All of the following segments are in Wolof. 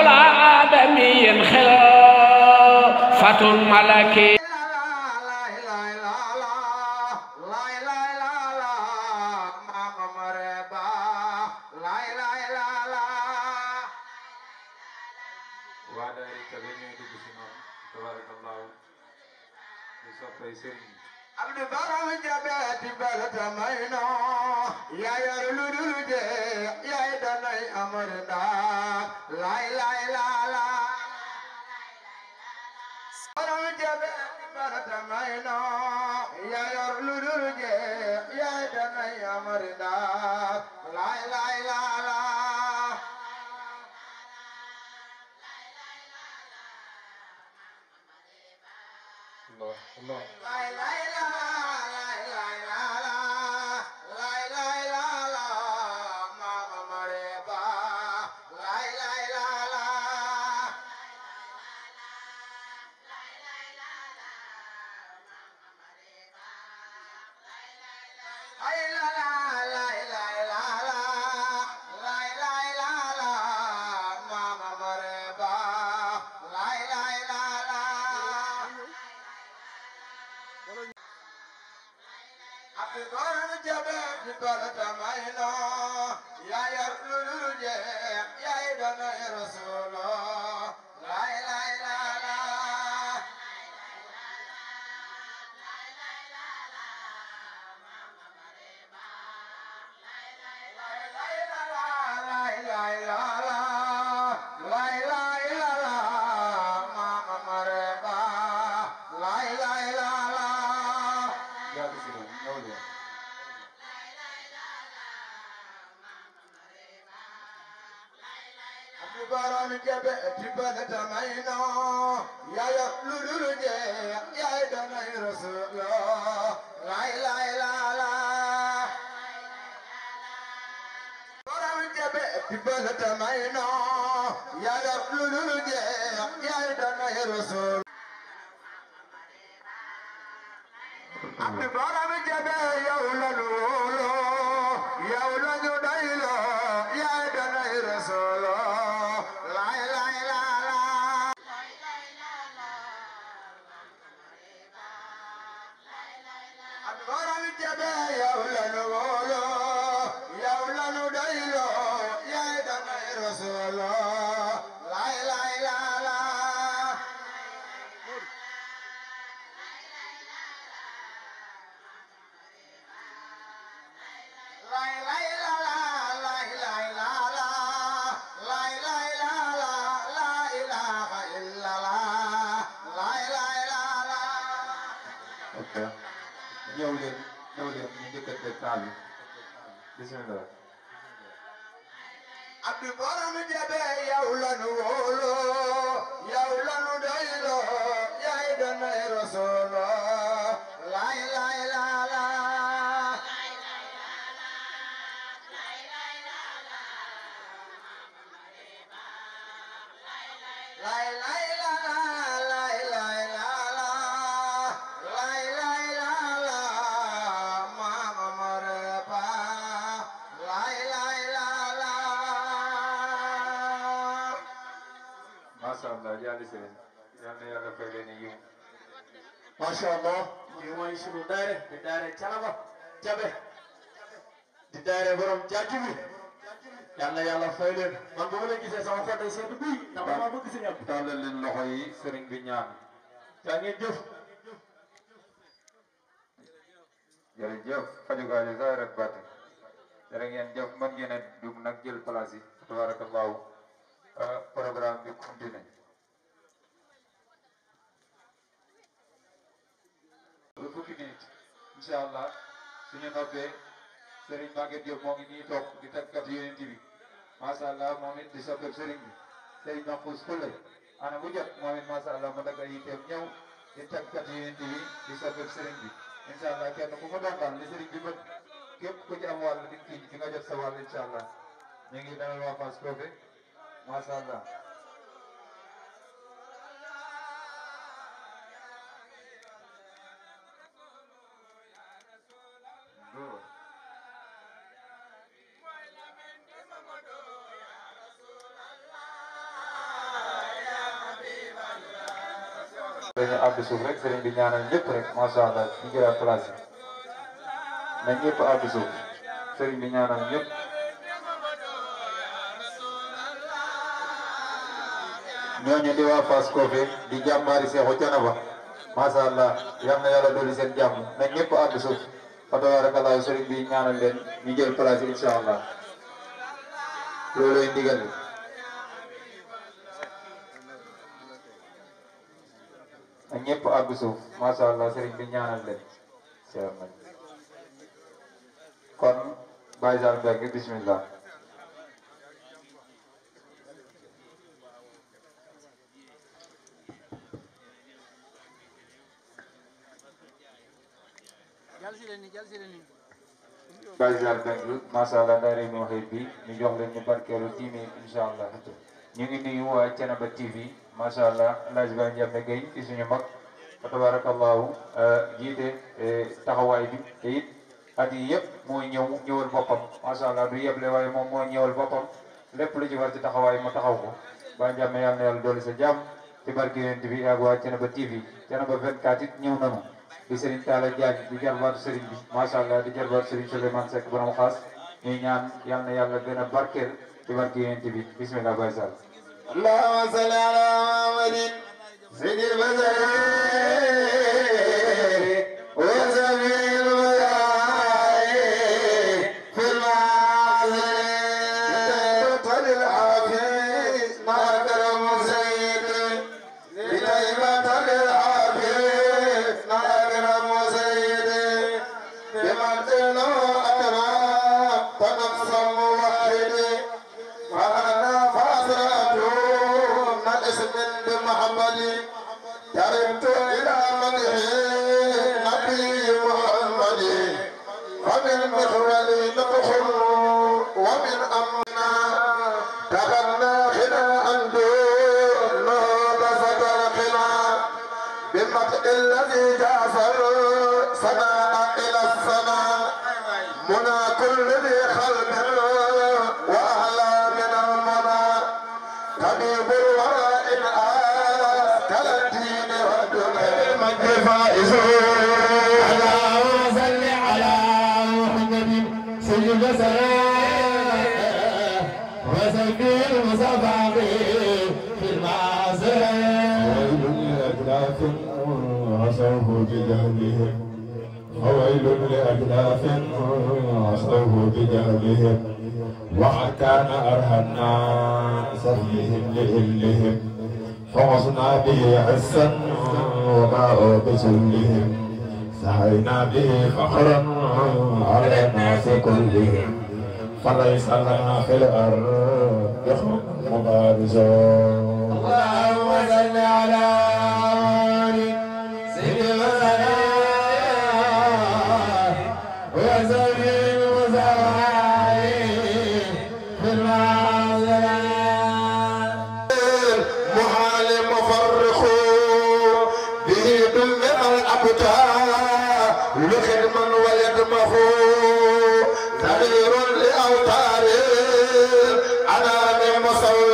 العالمين خلافة ملكية ñëw leen ñëw leen ñu njëkkante taal bi bismillah abdu borom jabe yow la nu wóolu yow la nu doyloo yaay doon ay rasooloo jàllise yal di daare canaba jabe di daare borom jaaju bi yal na yàlla fay leen man bu ma leen gisee sama xol day sedd ma bëgg si ñàpp tàllal leen loxo yi sëriñ bi ñaan jaa ngeen jëf jërëjëf fajugaale zaahir ak baatin jërë ngeen jëf mën ngeen a nag jël place yi tabarakallahu ah, programme bi continué Pikine incha allah suñu noppee Serigne Maguette Diop moo ngi nii toog di tàggat yeneen bi macha allah moom it di soppeeku Serigne bi Serigne Mahfouz Koule ana bu jot moom it macha allah mu dagg ay teem ñëw di tàggat yeneen bi di soppeeku Serigne bi incha allah kenn ku fa doon li Serigne bi mën képp ku ci am wàll di nga jot sa wàll incha allah ñu ngi dalal waa Fass Kobe macha bezoek vir die binjana liprek mashallah ingira klasi na ñëpp a bezoek sëriñ bi ñaanal ñëpp ñooñu di waa Fass Kofe di jàmbaari Seexu Canaba mashallah yal na yàlla dolli seen jàmm na ñëpp a bezoek fa tabarakallah sëriñ bi ñaanal leen ñu jël place inshallah loolu lay ñepp ñëpp suuf ma sha allah sëriñ bi ñaanal leen seer nañ kon Baye Sall Mbengue bismillah Baye Sall masalah dari allah daara yi mu bi ñu jox allah ñu ini nuyu Channel TV masalah allah El isunya mak fa tabarakallahu euh, jiite euh, taxawaay bi te it at yi yëpp mooy ñëw ñëwal boppam macha allah du yeble waaye moom mooy ñëwal boppam lépp lu ci war ci taxawaay ma taxaw ko ba njàmm yàlla na yàlla dolli sa jàmm ci barke yonent bi ak waa Thiénaba TV Thiénaba 24 it ñëw nanu di Serigne Talla Diagne di jarbaatu Serigne bi macha allah di jarbaatu Serigne Souleymane Seck borom xaas ñuy ñaan yàlla na yàlla gën a barkeel ci barke yonent bi bismillah Baye Sall. zikr bazar الذي جعفر سماء إلى السماء منى كل ذي خلق وأعلى من المنى طبيب الورى إن آتى الدين والدنيا المجد فائزون إخلاف وصله بدمهم وكان أرهى الناس فيهم لإلهم فوصنا به عسا وما بسلهم سعينا به فخرا على الناس كلهم فليس لنا في الأرض يخلق مبارزون اللهم صل على Pastor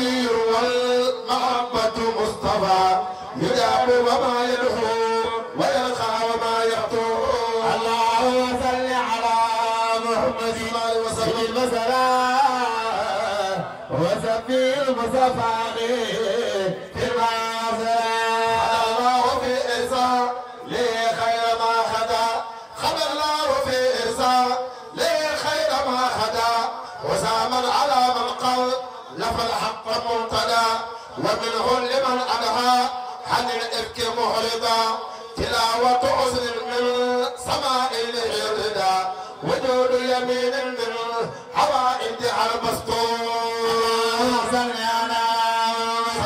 الأمير والمحبة مصطفى يجاب وما يدعو ويلقى وما يخطو اللهم صل على محمد وسلم وسلم وسبي المصطفى مهربا تلاوة عسر من سماء الهردا وجود يمين من حوائد المسطور على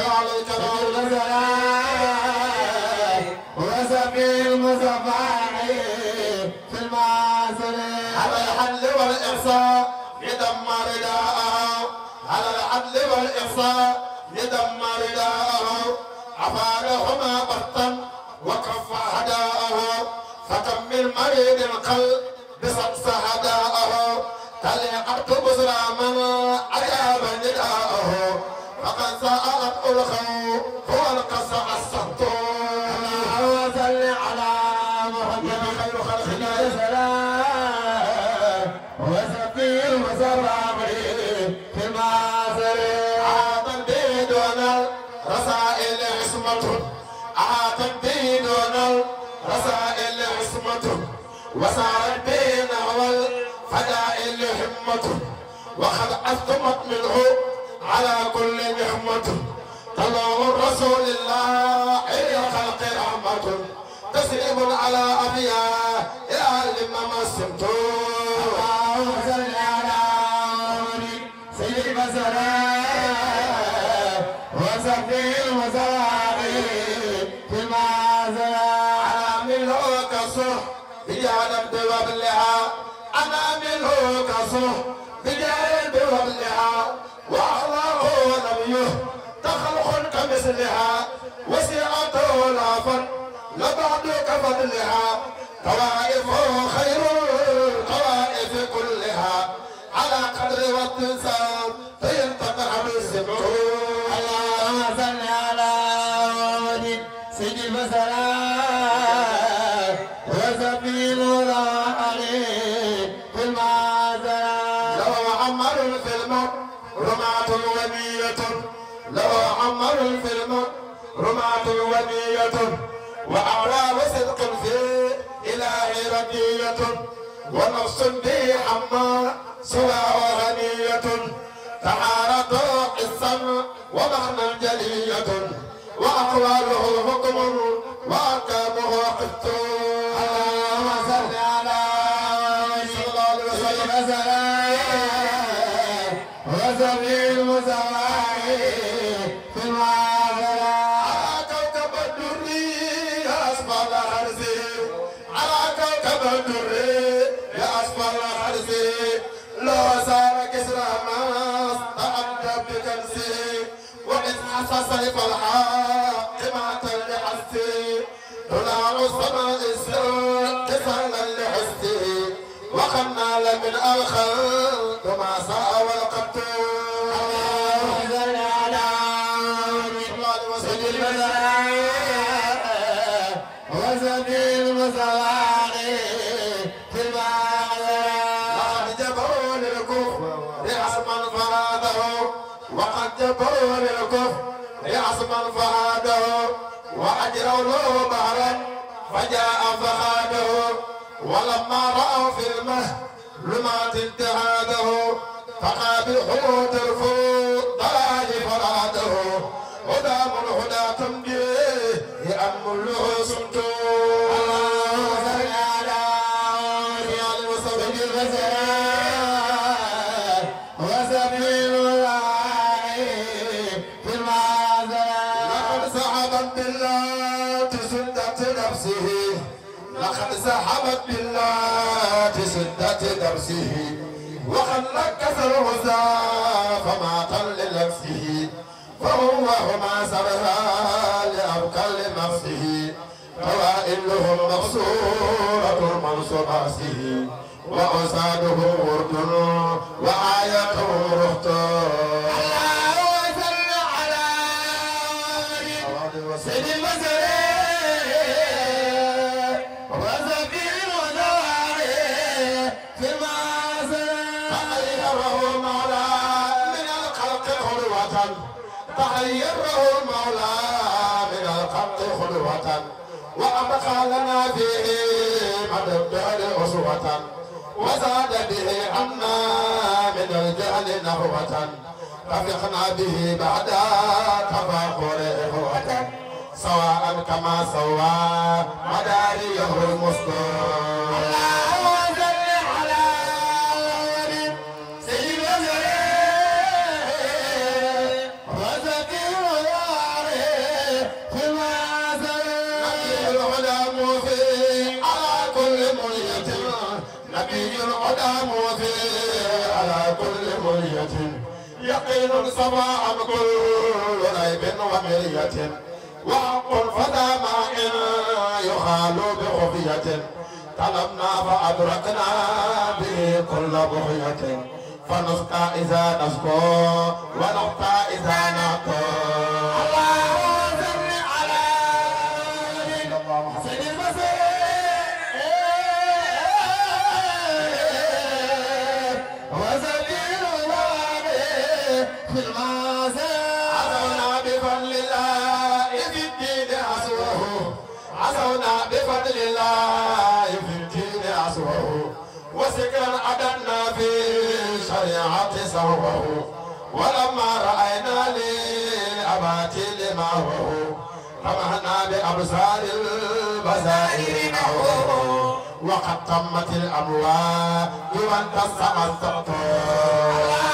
عليك على الحل والإحصاء يدمر داءه على العدل والإحصاء يدمر داءه أفادهما بطا وكف هداءه فتم المريض القلب بصبص هداءه تلعقت بزرى من أجاب نداءه فقد سألت هو والقصع الصمت وسار الدين والفدائل همته وقد أثمت منه على كل نعمته طلع رسول الله إلى خلق رحمة تسليم على أبيائه لما سمتم نفسه بجانب ولها واخلاقه نبيه تخلق كمثلها وسعته لا فن لبعدك فضلها طوائفه خير الطوائف كلها على قدر والتنسان فينتقى بالسبع على صل على سيدي البصره رمعة ودية وأعراب صدق في إلهي ردية ونفس به عما سوى وغنية تحارة قسا ومعنى جلية وأقواله حكم وأركابه حفظ الحلف طيب الحق ما تلعسي دلع السماء السر كسالا لحسي وخنا لمن الخلق ما ساء وزني المساء من فعاده وأجروا له بهرا فجاء فخاده ولما رأوا في المهد لما تنتهاده فقابل حوت الفور لنفسه وقد نكث فما قل لنفسه فهو هما سرها لأبكل لنفسه قوائلهم مقصورة منصب رأسه وأساده ورد وآياته رهط تحيره المولى من الخط خلوة وأبقى لنا فيه مدى الجهل أسوة وزاد به عنا من الجهل نهوة رفقنا به بعد تفاخر إخوة سواء كما سوى مداريه المستور خير سواء كل ريب ومرية وحق الفتى مع يخال بخفية طلبنا فأدركنا به كل بخية فنسقى إذا نسقى ونقطع إذا نقطع الله الأبات سواه ولما رأينا للأبات لما هو رمحنا بأبصار البزائر نهوه وقد تمت الأموال وانتصم السقطور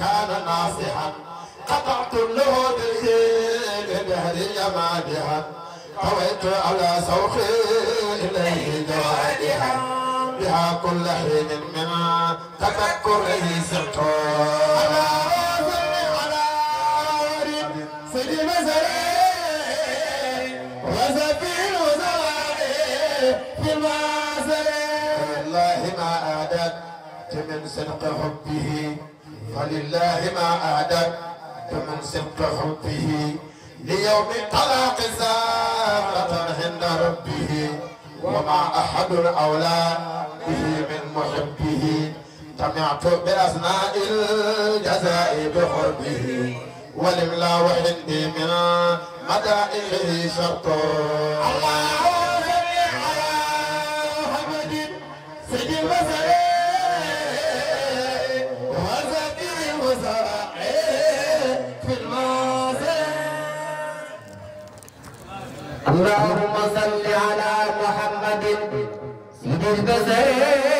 كان ناصحا قطعت له بالخيل بهري مادحا طويت على سوخي إليه دوائها بها كل حين من تفكره سرت على على سيدي مزري وزفير والله ما من صدق حبه فلله ما أعدك فمن سبق حبه ليوم طلاق زاغة عند ربه وما أحد أولى به من محبه سمعت بأثناء الجزاء بحبه ولملا وحدي من مدائه شرط الله اللهم صل على محمد سيد البزير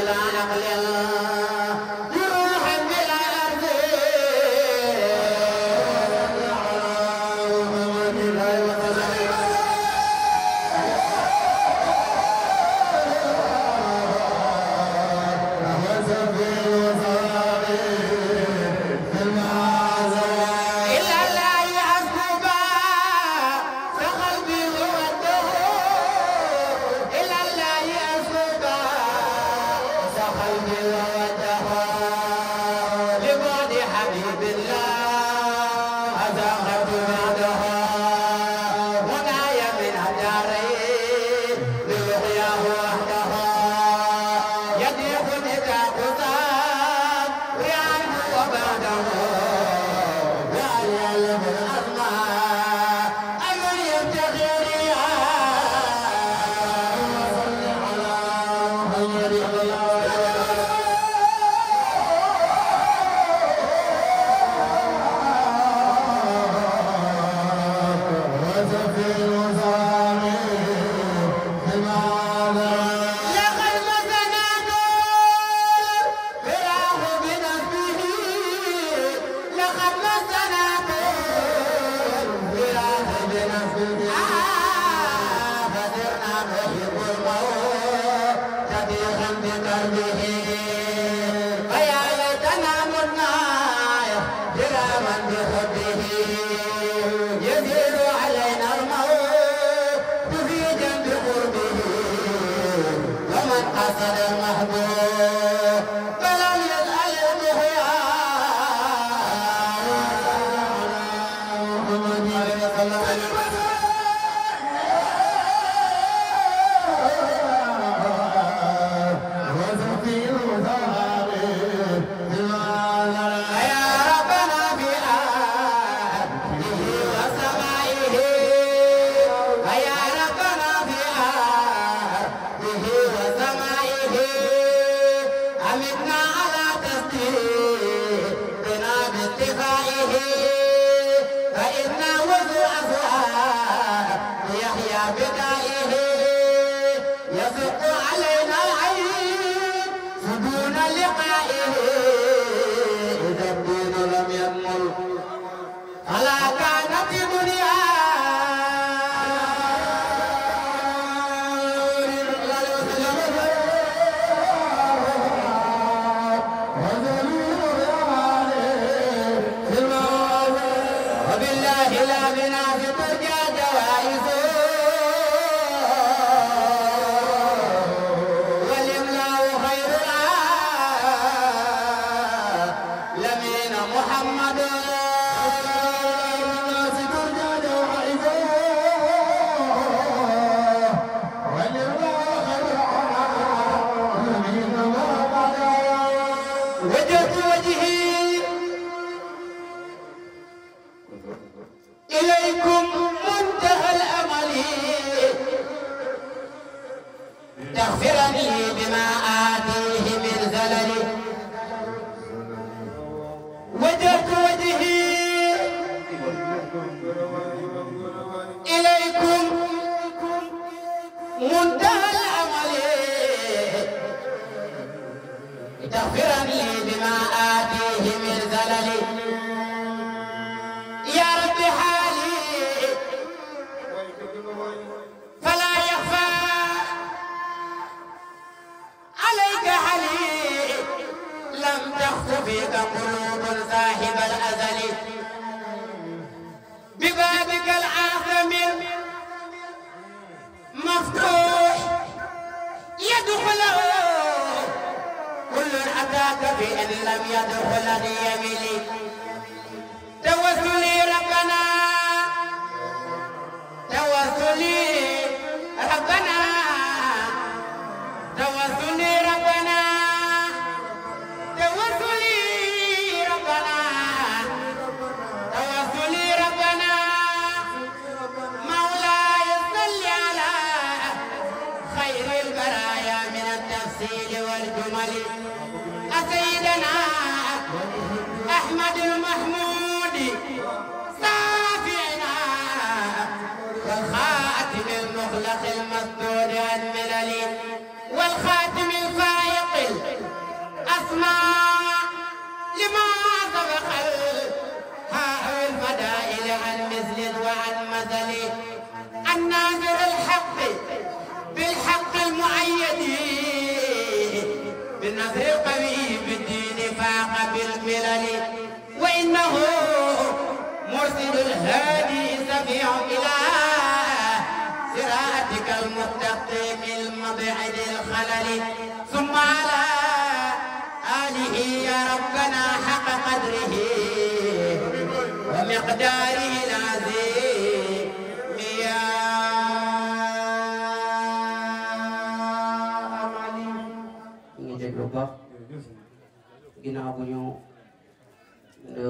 la la कर्म कर्म है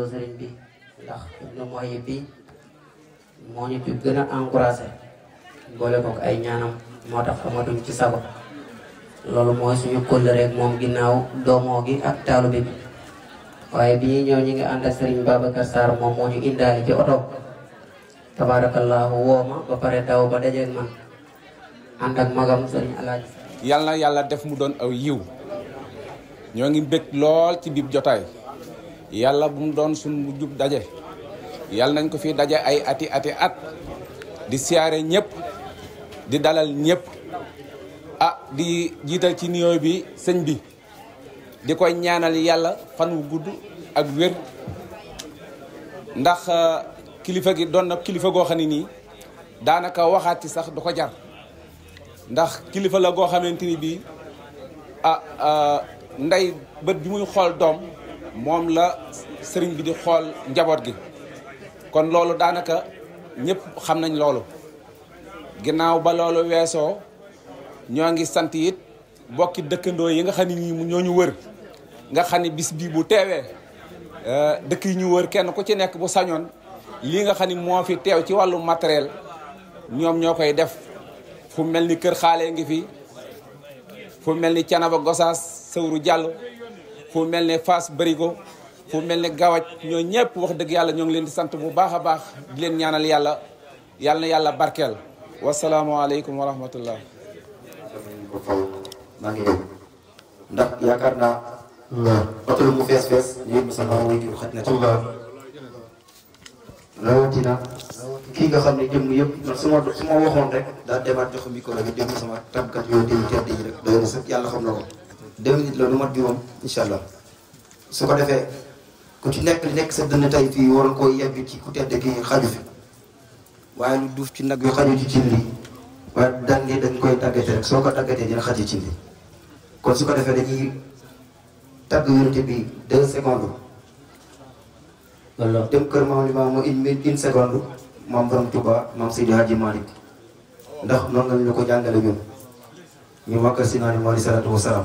delloo sëriñ bi ndax ibnu muhayyib bi moo ñu ci gën a encouragé boole kook ay ñaanam moo tax amatuñ ci sago loolu mooy suñu kóllëre ak moom ginnaaw doomoo gi ak taalube bi waaye bi ñuy ñëw ñu ngi ànd ak sëriñ Babacar Sarr moom moo ñu indaale ci oto tabaarakallaahu woo ba pare daw ba dajeeg man ànd ak magam sëriñ Alaaji yàlla yàlla def mu doon aw yiw ñoo ngi bég lool ci biib jotaay yalla bu mu doon sun bu dajé daje nañ ko fi daje ay ati ati at di siaré ñëpp di dalal nyep, ah di jiital ci niyo bi señ bi di koy ñaanal yalla fan wu gudd ak wër ndax eh, kilifa gi doon na kilifa go xani ni danaka waxati sax du ko jar ndax kilifa la go xamanteni bi ah eh, ndey bët bi muy xol dom moom la sëriñ bi di xool njaboot gi kon loolu daanaka ñëpp xam nañ loolu ginnaaw ba loolu weesoo ñoo ngi sant it bokki dëkkandoo yi nga xam ne ñii ñoo ñu wër nga xam ne bis bii bu teewee euh, dëkk yi ñu wër kenn ku ci nekk bu sañoon lii nga xam ne moo fi teew ci wàllu matériel ñoom ñoo koy def fu mel ni kër xaalee ngi fi fu mel ni Canaba Gosaas Sëwru Jàll fu mel ne fas Barigo fu mel ni Gawaj ñoo ñëpp wax dëgg yàlla ñoo ngi leen di sant bu baax a baax di leen ñaanal yàlla yàlla yàlla barkeel wasalaamualeykum wa rahmatullah maa ngi ndax yaakaar naa lu mu sama way jur na ci rawatina kii nga xam ne jëmm yëpp man su waxoon rek daa demaat jox micro bi déglu sama tàmkat yooyu tey tedd yi rek yàlla xam na ko deux minutes la du mat juróom incha allah su ko defee ku ci nekk li nekk sa tey fii waroon koo yebbi ci ku tedd gi xaju fi waaye lu duuf ci nag yu xaju ci cin lii dañ koy tàggate soo ko tàggatee dina xaju cin lii kon su ko defee dañuy tàgg yonent bi deux secondes wala dem kër maam li maam une une seconde maam borom Touba maam Seydi Hadji Malick ndax noonu la ñu ko jàngale ñun ñu wàkkal si naa ni moo di salaatu wasalaam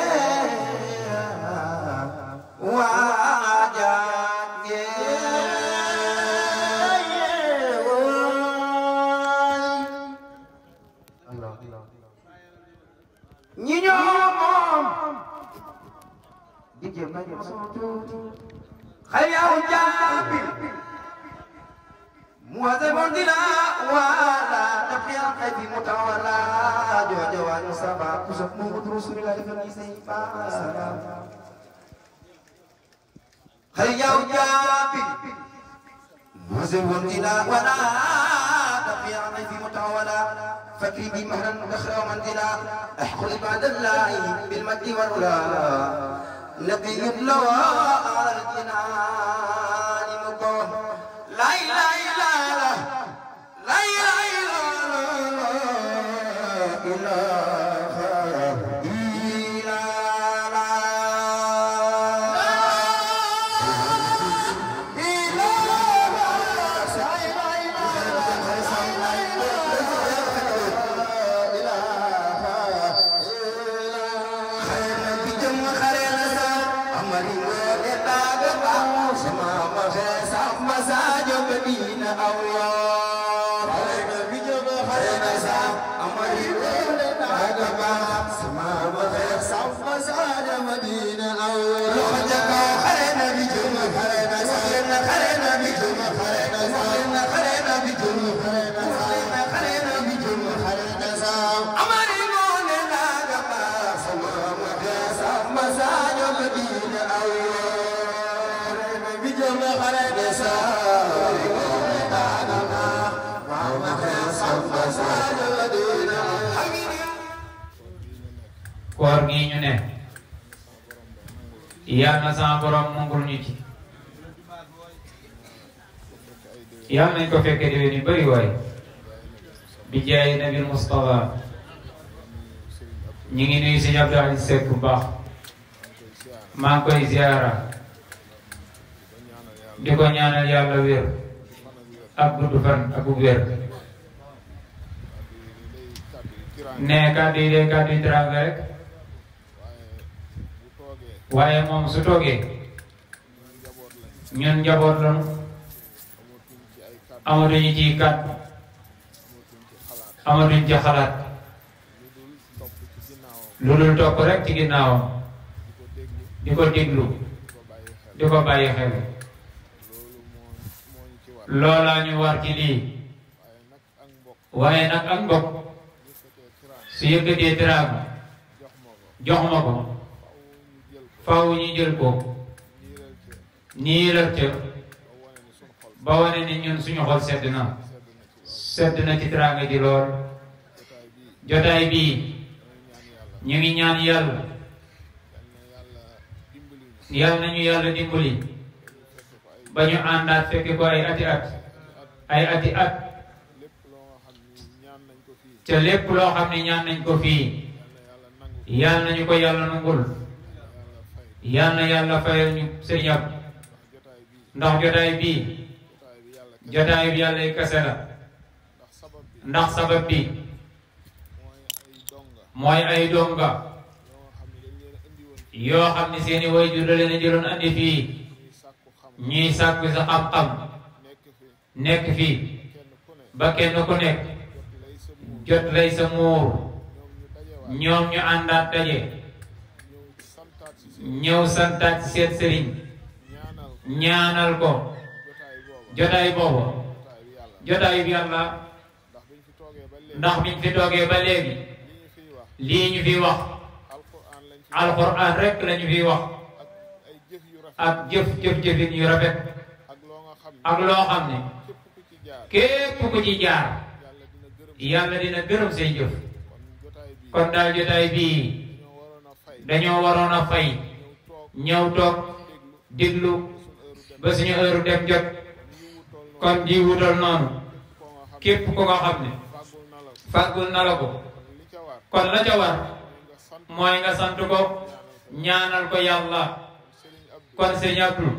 خيار جابر مهذب دلا ولا تبقي القيد متولى جو جو المصطفى كسب محمد رسول الله في سيفا سلام خيار جابر مهذب دلا ولا تبقي القيد متولى فكري بمهرا مهرا نخرى منزلا احقل بعد الله بالمجد والولا لقي لو على الجنان yal na sama borom nangul ñu ci yal nañ ko fekke déwén yu bëri waay bi jaay Mustafa ñu ngi nuyu sëñ Abdou Aziz Seck bu baax maa koy ziara di ko ñaanal yàlla wér ak gudd fan ak wér ne kàddu yi day kàddu yi teraanga rek waaye moom su toogee ñun njaboot lañu amatuñu ci kàddu amatuñu ci xalaat lu dul topp rek ci ginnaawam di ko déglu di ko bàyyi xel loolaa ñu war ci lii waaye nag ak mbokk su yëkkatee teraanga jox ma ko faaw ñu jël ko nii la ca ba wane ni ñun suñu xol sedd na sedd na ci teraanga di lool jotaay bi ñu ngi ñaan yàlla yàlla nañu yàlla dimbali ba ñu àndaat fekk ko ay ati at ay ati at ca lépp loo xam ne ñaan nañ ko fii yàlla nañu ko yàlla nangul yalla yalla fayal ñu sëriñ ab ndax jotaay bi jotaay bi yalla kese la ndax sabab bi moy ay donga yo xamni seeni way waajur la leen jëlon andi fi ñi sakku sa xam-xam nek fi ba kenn ko nek jot lay sa mur ñom ñu dajé ñëw santaat seet sëriñ ñaanal ko jotaay boobu jotaay bi yàlla ndax biñ fi toogee ba léegi lii ñu fi wax alxuraan rek lañu fi wax ak jëf jëf jëfin yu rafet ak loo xam ne képp ku ci jaar yàlla dina gërëm say jëf kon daal jotaay bii dañoo waroon a fay ñëw toog déglu ba suñu heure dem jot kon di wutal noonu képp ko nga xam ne fàggul na ko kon la ca war mooy nga sant ko ñaanal ko yàlla kon sëñ Abdou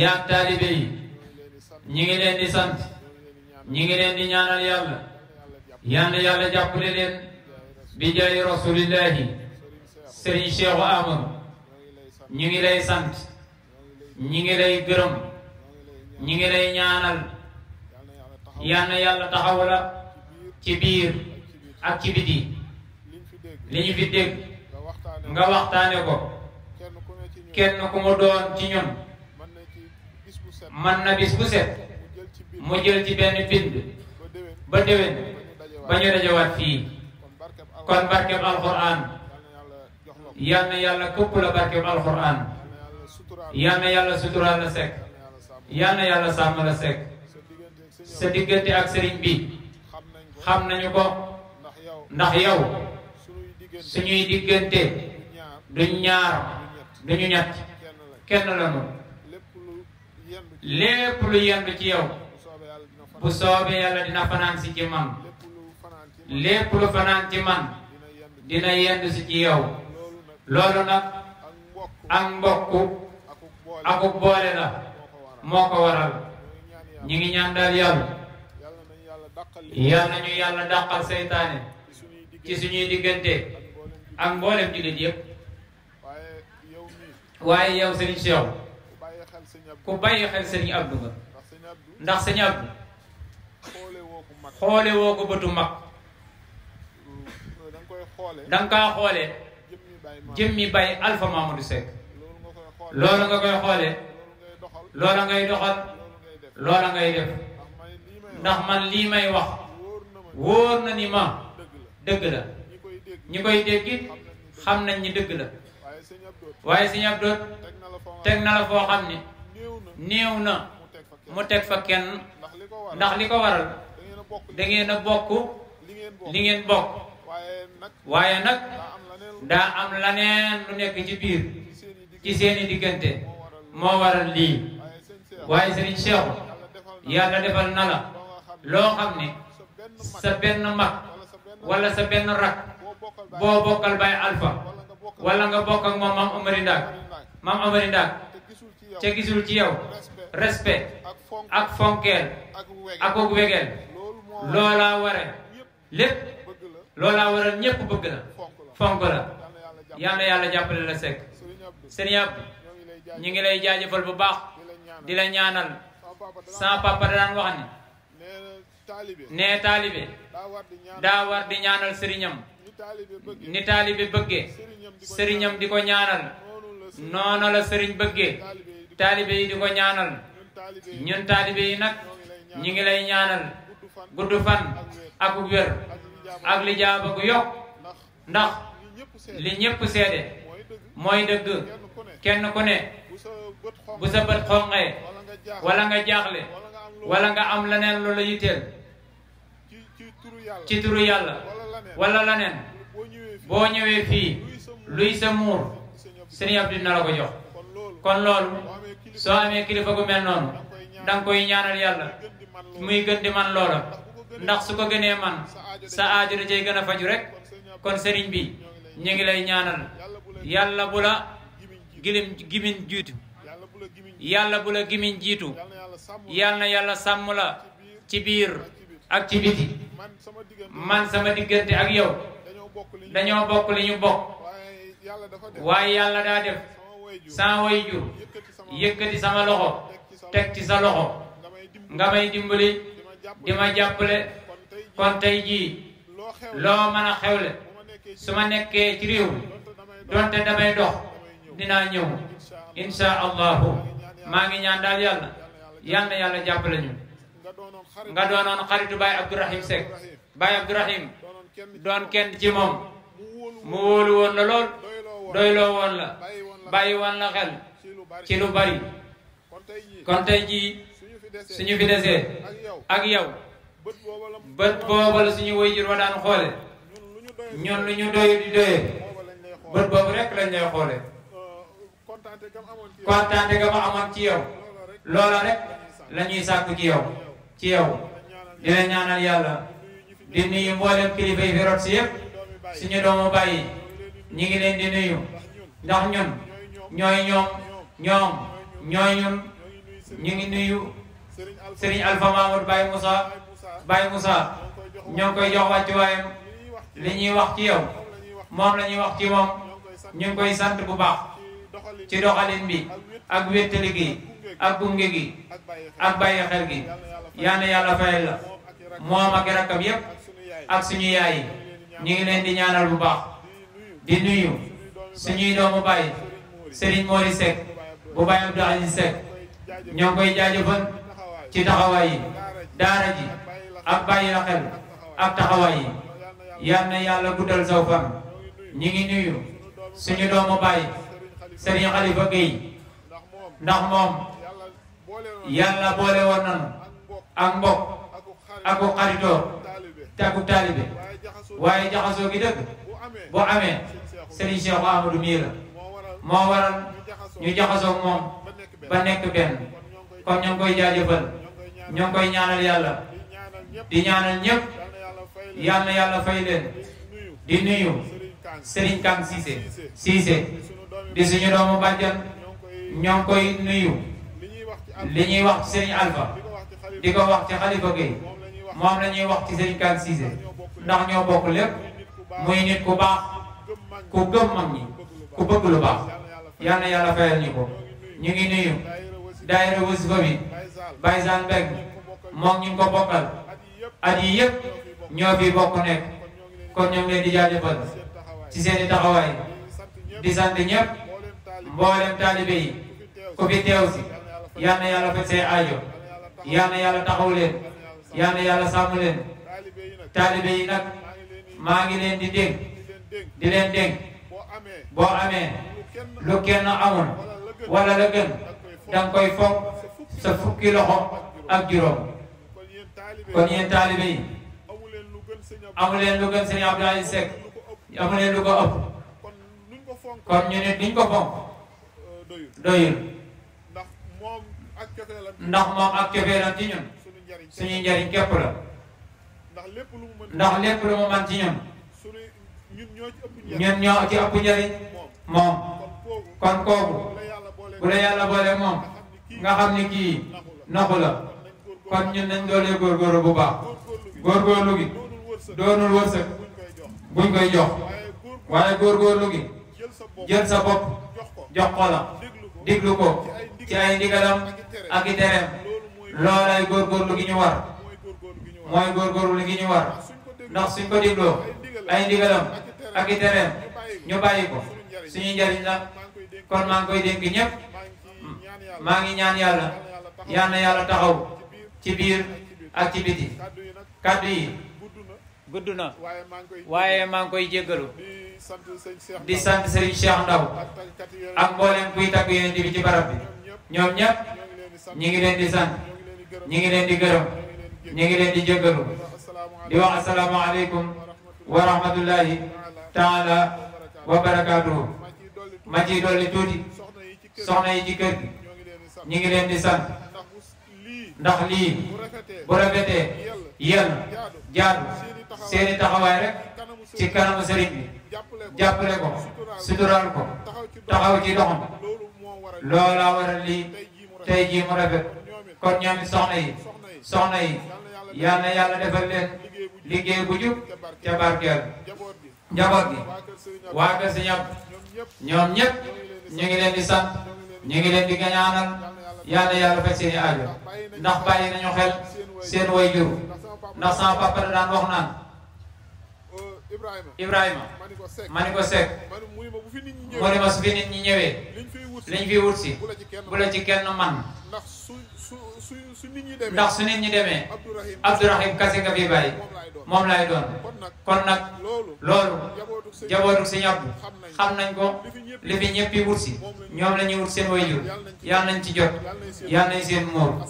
yaag taalibe yi ñi ngi leen di sant ñi ngi leen di ñaanal yàlla yàlla yàlla jàppale leen bi jaay rasulillahi sëriñ Cheikh Amadou ñu ngi lay sant ñi ngi lay gërëm ñi ngi lay ñaanal yal yàlla taxaw ci biir ak ci biti li ñu fi dégg nga waxtaane ko kenn ku mu doon ci ñun man na bis bu set mu jël ci benn bind ba déwén ba ñu dajawaat fii kon barkeb alquran yal yàlla këpp la barkeem alxuraan yal na yàlla suturaal la sekk yal na yàlla sàmm la sekk sa diggante ak sëriñ bi xam nañu ko ndax yow suñuy diggante duñ ñaar duñu ñett kenn lañu lépp lu yendu ci yow bu soobee yàlla dina fanaan si ci man lépp lu fanaan ci man dina yendu si ci yow loolu nag ak mbokk akuk boole la moo ko waral ñi ngi ñaan daal yàlla yal nañu yàlla dàqal seytaane ci suñuy diggante ak mboolem jullit yëpp waaye yow sëriñ Cheikh ku bàyyi xel sëriñ Abdou nga ndax sëriñ Abdou xoole woo ko bëtu mag mm, danga kaa xoole jëmmi Baye Alpha Mamadou Seck loola nga koy xoolee loola ngay doxal loola ngay def ndax man lii may wax wóor na ni ma dëgg la ñi koy dégg xam nañ ni dëgg la waaye sëñ Abdou teg na la foo xam ni néew na mu teg fa kenn ndax li ko waral da ngeen a bokk li ngeen bokk waaye nag daa am laneen lu nekk ci biir ci seeni diggante moo waral lii waaye sëriñ Cheikh yàlla defal na la loo xam ne sa benn mag wala sa benn rak boo bokkal Baye Alpha wala nga bokk moom maam Amari Ndaak maam ca gisul ci yaw respect ak fonkeel ak wegeel loolaa ware lépp loolaa waral ñépp bëgg la fonk la yal na yàlla jàppale la sekk sëriñ Abdu ñu ngi lay jaajëfal bu baax di la ñaanal sama papa da daan wax ni nee taalibe daa war di ñaanal sëriñam ni taalibe bëggee sëriñam di ko ñaanal noona la sëriñ bëggee taalibe yi di ko ñaanal ñun taalibe yi nag ñu ngi lay ñaanal gudd fan ak wér ak li gu yokk ndax li ñëpp seede mooy dëgg kenn ku ne bu sa bët xonqee wala nga jaaxle wala nga am leneen lu la yitteel ci turu yàlla wala leneen boo ñëwee fii luy sa muur sëriñ Abdou dina la ko jox kon loolu soo amee kilifa gu mel noonu danga koy ñaanal yàlla muy gën di man loola ndax su ko gënee man sa aaju da cay gën a faju rek kon sëriñ bi ñu ngi lay ñaanal yàlla bu la gilim gimin jiitu yàlla bu la gimin jiitu yàlla na yàlla sàmm la ci biir ak ci biti man sama diggante ak yow dañoo bokk li ñu bokk waaye yàlla daa def sans way jur yëkkati sama loxo teg ci sa loxo nga may dimbali di ma jàppale kon tey jii loo mën a xewle su ma nekkee ci réew donte damay dox dinaa ñëw insha maa ngi ñaan daal yàlla yal na yàlla jàppale ñu nga doonoon xaritu Baye Abdourahim Seck Baye doon kenn ci moom mu wóolu woon la lool doyloo woon la bàyyi woon la xel ci lu bari kon tey ji suñu fi desee ak yow bët booba la suñu waajur wa daan xoole ñun lu ñu doy di doyee bët boobu rek lañ lay xoole euh, kontaante ga ma amoon ci yow loola rek la ñuy sàkku ci yow ci yow di la ñaanal yàlla di nuyu mboolem kilifa yi fi rot si yëpp suñu doomu bàyyi ñi ngi leen di nuyu ndax ñun ñooy ñoom ñoom ñooy ñun ñu ngi nuyu Serigne Alpha Mamour Baye Moussa Baye Moussa ñoo ngi koy jox wàccuwaayam li ñuy wax ci yow moom la ñuy wax ci moom ñu ngi koy sant bu baax ci doxalin bi ak wéttali gi ak gunge gi ak bàyyi xel gi yal na yàlla fayal la moom ak rakkam yépp ak suñu yaay yi ñu ngi leen di ñaanal bu baax di nuyu suñuy doomu bàyyi Serigne Mori Seck bu Baye Abdou Aziz Seck ñoo ngi koy jaajëfal ci taxawaay yi daara ji ak bàyyi la xel ak taxawaay yi yàlla guddal saw fan ñi ngi nuyu suñu doomu bàyyi Serigne Khalifa Gueye ndax moom yàlla boole woon nañu ak mbokk ak ku xaritoo te ak ku waaye jaxasoo gi dëgg bu amee Serigne Cheikh Amadou mii la moo waral ñu jaxasoo moom ba nekk benn kon ñoo ngi koy jaajëfal ñoo ngi koy ñaanal yàlla di ñaanal ñëpp yal na yàlla fay leen di nuyu Serigne Kang Cissé Cissé di suñu doomu bàjjan ñoo ngi koy nuyu li ñuy wax ci Serigne Alpha di ko wax ci Khalifa Gueye moom la ñuy wax ci Serigne Kang Cissé ndax ñoo bokk lépp muy nit ku baax ku gëm mag ñi ku bëgg lu baax yal na yàlla fayal ñu ko ñu ngi nuyu daayira wasifa bi Baye Zane Mbengue moom ñu ngi ko bokkal at yi yëpp ñoo fi bokk nekk kon ñoom leen di jaajëfal ci seen taxawaay di sant ñëpp mboolem taalibe yi ku fi teew si yal na yàlla faj say aajo yal na yàlla taxaw leen yal na yàlla leen taalibe nag maa ngi leen di dénk di leen dénk boo amee lu kenn amul wala la gën danga koy foog sa fukki loxo ak juróom kon yéen taalibe yi leen lu gën sëriñ Abdou Aziz Seck amu leen lu ko ëpp kon ñu ne duñ ko fonk doyul ndax moom ak cofeelam ci ñun suñuy njariñ képp la ndax lépp lu mu mën ci ñun ñun ñoo ci ëpp njariñ moom kon kooku bu la yàlla boole moom nga xam ni kii naxu la kon ñun nañ doolee góorgóorlu bu baax góorgóorlu gi doonul wërsëg buñ koy jox waaye góorgóorlu gi jël sa bopp jox ko la ko ci ay ndigalam ak i tereem loolay góorgóorlu gi ñu war mooy góorgóorlu gi ñu war ndax suñ ko digloo ay ndigalam ak i tereem ñu bàyyi ko suñu njariñ ngi koy dénk ñëpp maa ngi ñaan yàlla yal na ci biir ak ci biti kàddu yi gudd na waaye maa ngi koy jéggalu di sant Serigne Cheikh Ndaw ak mboolem kuy tagg Yonent bi ci barab bi ñoom ñëpp ñi ngi leen di sant ñi ngi leen di gërëm ñi ngi leen di jéggalu di wax asalaamu aleykum wa rahmatullahi taala wa barakaatuhu ma ciy dolli tuuti soxna yi ci kër gi ñi ngi leen di sant ndax lii bu rafetee yell jaadu seeni taxawaay rek ci kanamu sëriñ bi jàppale ko suturaal ko taxaw ci doxam loola waral lii tey jii mu rafet kon ñoomi soxna yi soxna yi yal na yàlla defal leen liggéey bu jub ca barkeel njaboot gi waa kër si ñoom ñoom ñëpp ñu ngi leen di sant yalla na yàlla faj seen ndax bàyyi nañu xel seen way jur ndax sama papa la daan wax naan Ibrahima ma ni ko Seck mu ni ma su fi nit ñi ñëwee lañ fi wut si bu la ci kenn man ndax su nit ñi demee Abdourahim Kase nga fi bàyyi moom laay doon kon nag loolu jabootu si ñàpp xam nañ ko li fi ñëpp yi wut si ñoom la ñuy wut seen wayjur yal nañ ci jot yal nañ seen moom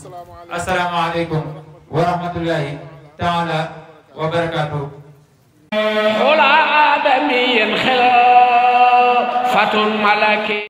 asalaamaaleykum wa rahmatullahi taala wa barakaatu a آدمي خلافتٌ ملكي